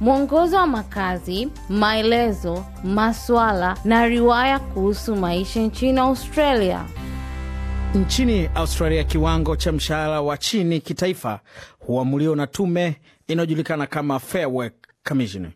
mwongozo wa makazi, maelezo, maswala na riwaya kuhusu maisha nchini Australia. Nchini Australia, kiwango cha mshahara wa chini kitaifa huamuliwa na tume inayojulikana kama Fair Commission. Uh,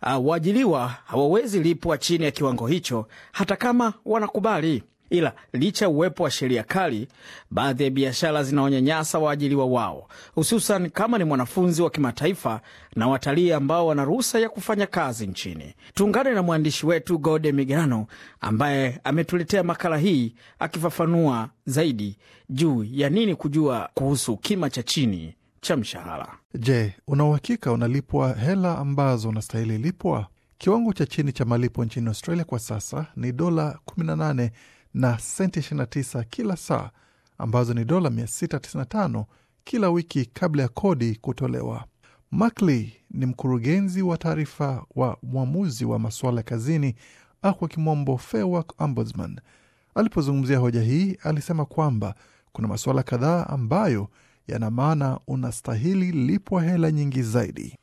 ah, waajiliwa hawawezi lipwa chini ya kiwango hicho hata kama wanakubali. Ila licha ya uwepo wa sheria kali, baadhi ya biashara zinawanyanyasa waajiliwa wao, hususan kama ni mwanafunzi wa kimataifa na watalii ambao wana ruhusa ya kufanya kazi nchini. Tuungane na mwandishi wetu Gode Migerano ambaye ametuletea makala hii akifafanua zaidi juu ya nini kujua kuhusu kima cha chini cha mshahara. Je, una uhakika unalipwa hela ambazo unastahili lipwa? Kiwango cha chini cha malipo nchini Australia kwa sasa ni dola 18 na senti 29 kila saa ambazo ni dola 695 kila wiki kabla ya kodi kutolewa. Makley ni mkurugenzi wa taarifa wa mwamuzi wa masuala ya kazini au kwa kimombo Fair Work Ombudsman. Alipozungumzia hoja hii, alisema kwamba kuna masuala kadhaa ambayo yana maana unastahili lipwa hela nyingi zaidi.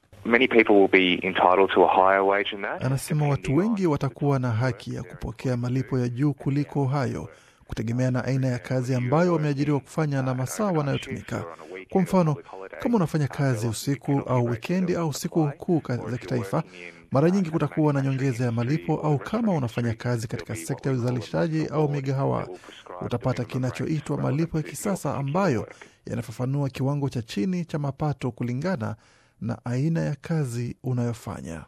Anasema watu wengi watakuwa na haki ya kupokea malipo ya juu kuliko hayo, kutegemea na aina ya kazi ambayo wameajiriwa kufanya na masaa wanayotumika. Kwa mfano, kama unafanya kazi usiku au wikendi au siku kuu za kitaifa, mara nyingi kutakuwa na nyongeza ya malipo, au kama unafanya kazi katika sekta ya uzalishaji au migahawa, utapata kinachoitwa malipo ya kisasa ambayo yanafafanua kiwango cha chini cha mapato kulingana na aina ya kazi unayofanya.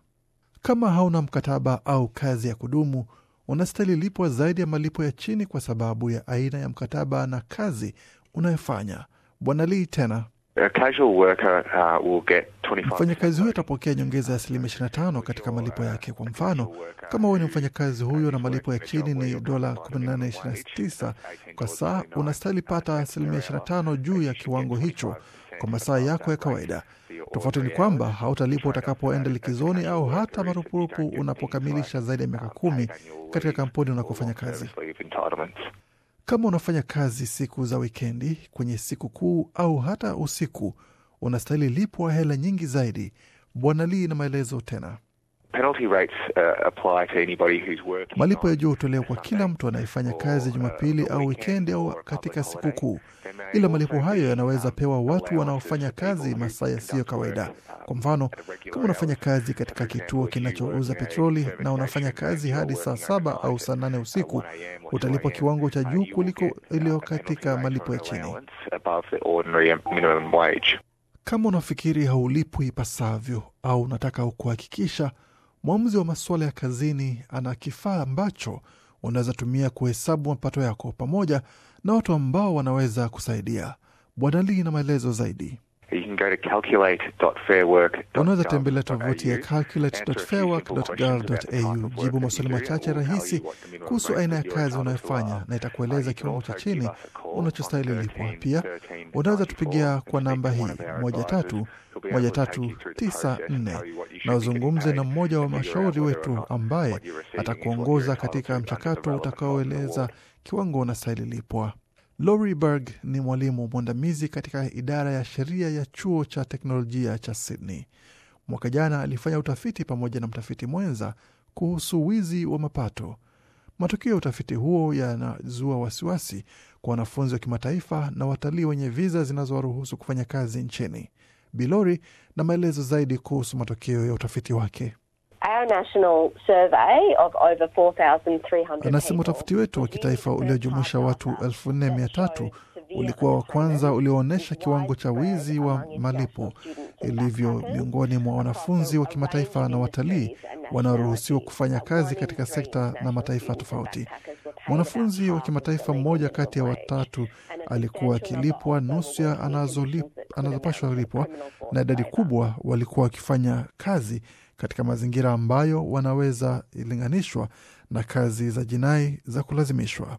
Kama hauna mkataba au kazi ya kudumu, unastahili lipwa zaidi ya malipo ya chini kwa sababu ya aina ya mkataba na kazi unayofanya. Bwana Lee tena uh, mfanyakazi huyo atapokea nyongeza ya asilimia 25 katika malipo yake. Kwa mfano, kama wewe ni mfanyakazi huyo na malipo ya chini ni dola 18.29 kwa saa, unastahili pata asilimia 25 juu ya kiwango hicho kwa masaa yako ya kawaida. Tofauti ni kwamba hautalipwa utakapoenda likizoni au hata marupurupu unapokamilisha zaidi ya miaka kumi katika kampuni unakofanya kazi. Kama unafanya kazi siku za wikendi, kwenye siku kuu au hata usiku, unastahili lipwa hela nyingi zaidi. Bwana Lee na maelezo tena Uh, malipo ya juu hutolewa kwa kila mtu anayefanya kazi Jumapili au wikendi au katika sikukuu, ila malipo hayo yanaweza pewa watu wanaofanya kazi masaa yasiyo kawaida. Um, kwa mfano, kama unafanya kazi katika kituo kinachouza petroli na unafanya kazi hadi saa saba au saa nane usiku, uh, utalipwa kiwango cha uh, juu kuliko iliyo katika malipo ya chini. Kama unafikiri haulipwi ipasavyo au unataka kuhakikisha Mwamuzi wa masuala ya kazini ana kifaa ambacho unaweza tumia kuhesabu mapato yako pamoja na watu ambao wanaweza kusaidia. Bwana Lee na maelezo zaidi can to Unaweza tembelea tovuti ya calculate.fairwork.gov.au, jibu maswali machache rahisi kuhusu aina ya kazi unayofanya na itakueleza kiwango cha chini unachostahili ulipwa. Pia unaweza tupigia kwa namba hii moja tatu moja tatu tisa nne na uzungumze na mmoja wa mashauri wetu ambaye atakuongoza katika mchakato utakaoeleza kiwango unastahili lipwa. Lori Berg ni mwalimu mwandamizi katika idara ya sheria ya chuo cha teknolojia cha Sydney. Mwaka jana alifanya utafiti pamoja na mtafiti mwenza kuhusu wizi wa mapato. Matokeo ya utafiti huo yanazua wasiwasi kwa wanafunzi wa kimataifa na watalii wenye viza zinazowaruhusu kufanya kazi nchini. Bilori na maelezo zaidi kuhusu matokeo ya utafiti wake. Anasema utafiti wetu wa kitaifa uliojumuisha watu 43 ulikuwa wa kwanza ulioonyesha kiwango cha wizi wa malipo ilivyo miongoni mwa wanafunzi wa kimataifa na watalii wanaoruhusiwa kufanya kazi katika sekta na mataifa tofauti. Mwanafunzi wa kimataifa mmoja kati ya watatu alikuwa akilipwa nusu ya anazopashwa lipwa, na idadi kubwa walikuwa wakifanya kazi katika mazingira ambayo wanaweza ilinganishwa na kazi za jinai za kulazimishwa.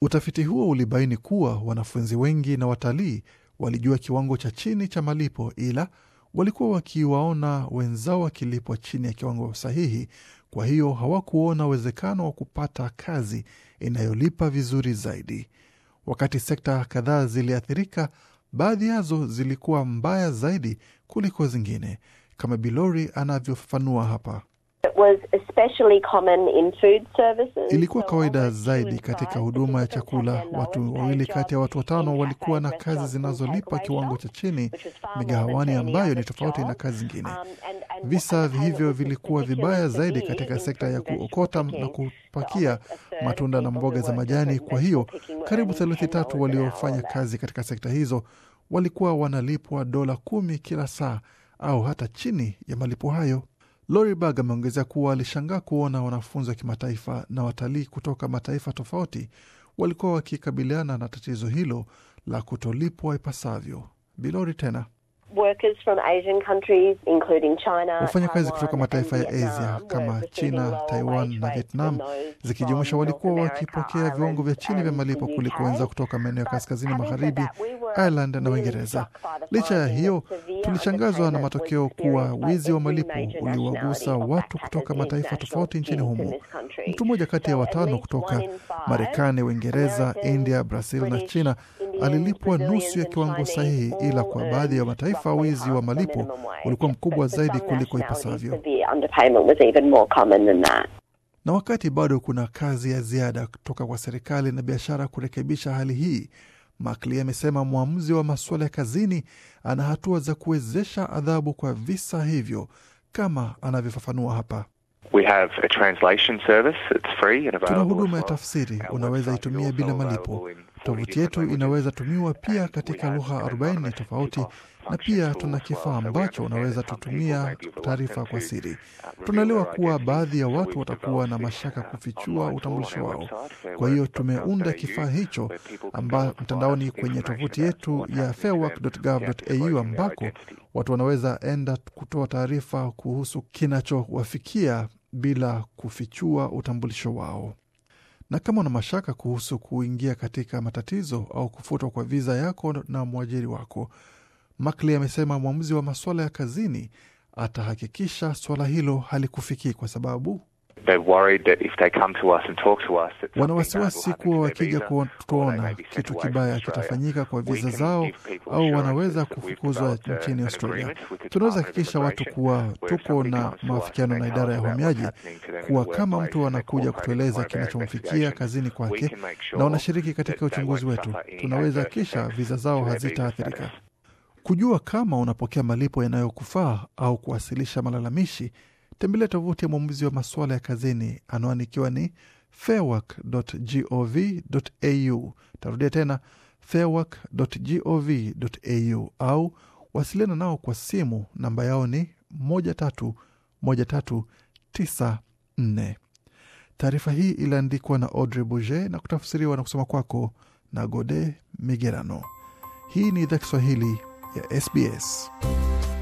Utafiti huo ulibaini kuwa wanafunzi wengi na watalii walijua kiwango cha chini cha malipo, ila walikuwa wakiwaona wenzao wakilipwa chini ya kiwango sahihi kwa hiyo hawakuona uwezekano wa kupata kazi inayolipa vizuri zaidi. Wakati sekta kadhaa ziliathirika, baadhi yazo zilikuwa mbaya zaidi kuliko zingine, kama Bilori anavyofafanua hapa. It was a Ilikuwa kawaida zaidi katika huduma ya chakula. Watu wawili kati ya watu watano walikuwa na kazi zinazolipa kiwango cha chini migahawani, ambayo ni tofauti na kazi zingine. Um, Visa hivyo vilikuwa vibaya zaidi katika sekta ya kuokota na kupakia um, matunda na mboga za majani. Kwa hiyo karibu theluthi tatu waliofanya kazi katika sekta hizo walikuwa wanalipwa dola kumi kila saa au hata chini ya malipo hayo lori bag ameongezea kuwa alishangaa kuona wanafunzi wa kimataifa na watalii kutoka mataifa tofauti walikuwa wakikabiliana na tatizo hilo la kutolipwa ipasavyo. Bilori tena Wafanyakazi kutoka mataifa ya Asia kama China, Taiwan na Vietnam zikijumuisha walikuwa wakipokea viwango vya chini vya malipo kuliko wenza kutoka maeneo ya kaskazini magharibi, Ireland na Uingereza. Licha ya hiyo, tulishangazwa na matokeo kuwa wizi wa malipo uliwagusa watu kutoka mataifa tofauti nchini humo. Mtu mmoja kati ya watano kutoka Marekani, Uingereza, India, Brazil na China alilipwa nusu ya kiwango sahihi, ila kwa uh, baadhi ya mataifa wizi wa malipo ulikuwa mkubwa zaidi kuliko ipasavyo. Na wakati bado kuna kazi ya ziada kutoka kwa serikali na biashara kurekebisha hali hii, Makli amesema mwamuzi wa masuala ya kazini ana hatua za kuwezesha adhabu kwa visa hivyo, kama anavyofafanua hapa. We have a translation service. It's free and available. Tuna huduma ya tafsiri, unaweza itumia bila malipo. Tovuti yetu inaweza tumiwa pia katika lugha 40 tofauti, na pia tuna kifaa ambacho unaweza tutumia taarifa kwa siri. Tunaelewa kuwa baadhi ya watu watakuwa na mashaka kufichua utambulisho wao, kwa hiyo tumeunda kifaa hicho amba mtandaoni kwenye tovuti yetu ya fairwork.gov.au ambako watu wanaweza enda kutoa taarifa kuhusu kinachowafikia bila kufichua utambulisho wao. Na kama una mashaka kuhusu kuingia katika matatizo au kufutwa kwa viza yako na mwajiri wako, makli amesema mwamuzi wa masuala ya kazini atahakikisha suala hilo halikufikii kwa sababu Wana wasiwasi kuwa wakija kuona kitu kibaya kitafanyika kwa viza zao, au wanaweza kufukuzwa uh, nchini Australia. Tunaweza hakikisha watu kuwa tuko na maafikiano na idara ya uhamiaji, kuwa kama mtu anakuja kutueleza kinachomfikia kazini kwake na wanashiriki katika uchunguzi wetu, tunaweza kisha viza zao hazitaathirika. Kujua kama unapokea malipo yanayokufaa au kuwasilisha malalamishi tembelea tovuti ya mwamuzi wa masuala ya kazini, anwani ikiwa ni fairwork.gov.au. Tarudia tena fairwork.gov.au, au wasiliana nao kwa simu, namba yao ni 131394. Taarifa hii iliandikwa na Audrey Bouget na kutafsiriwa na kusoma kwako na Gode Migerano. Hii ni idhaa Kiswahili ya SBS.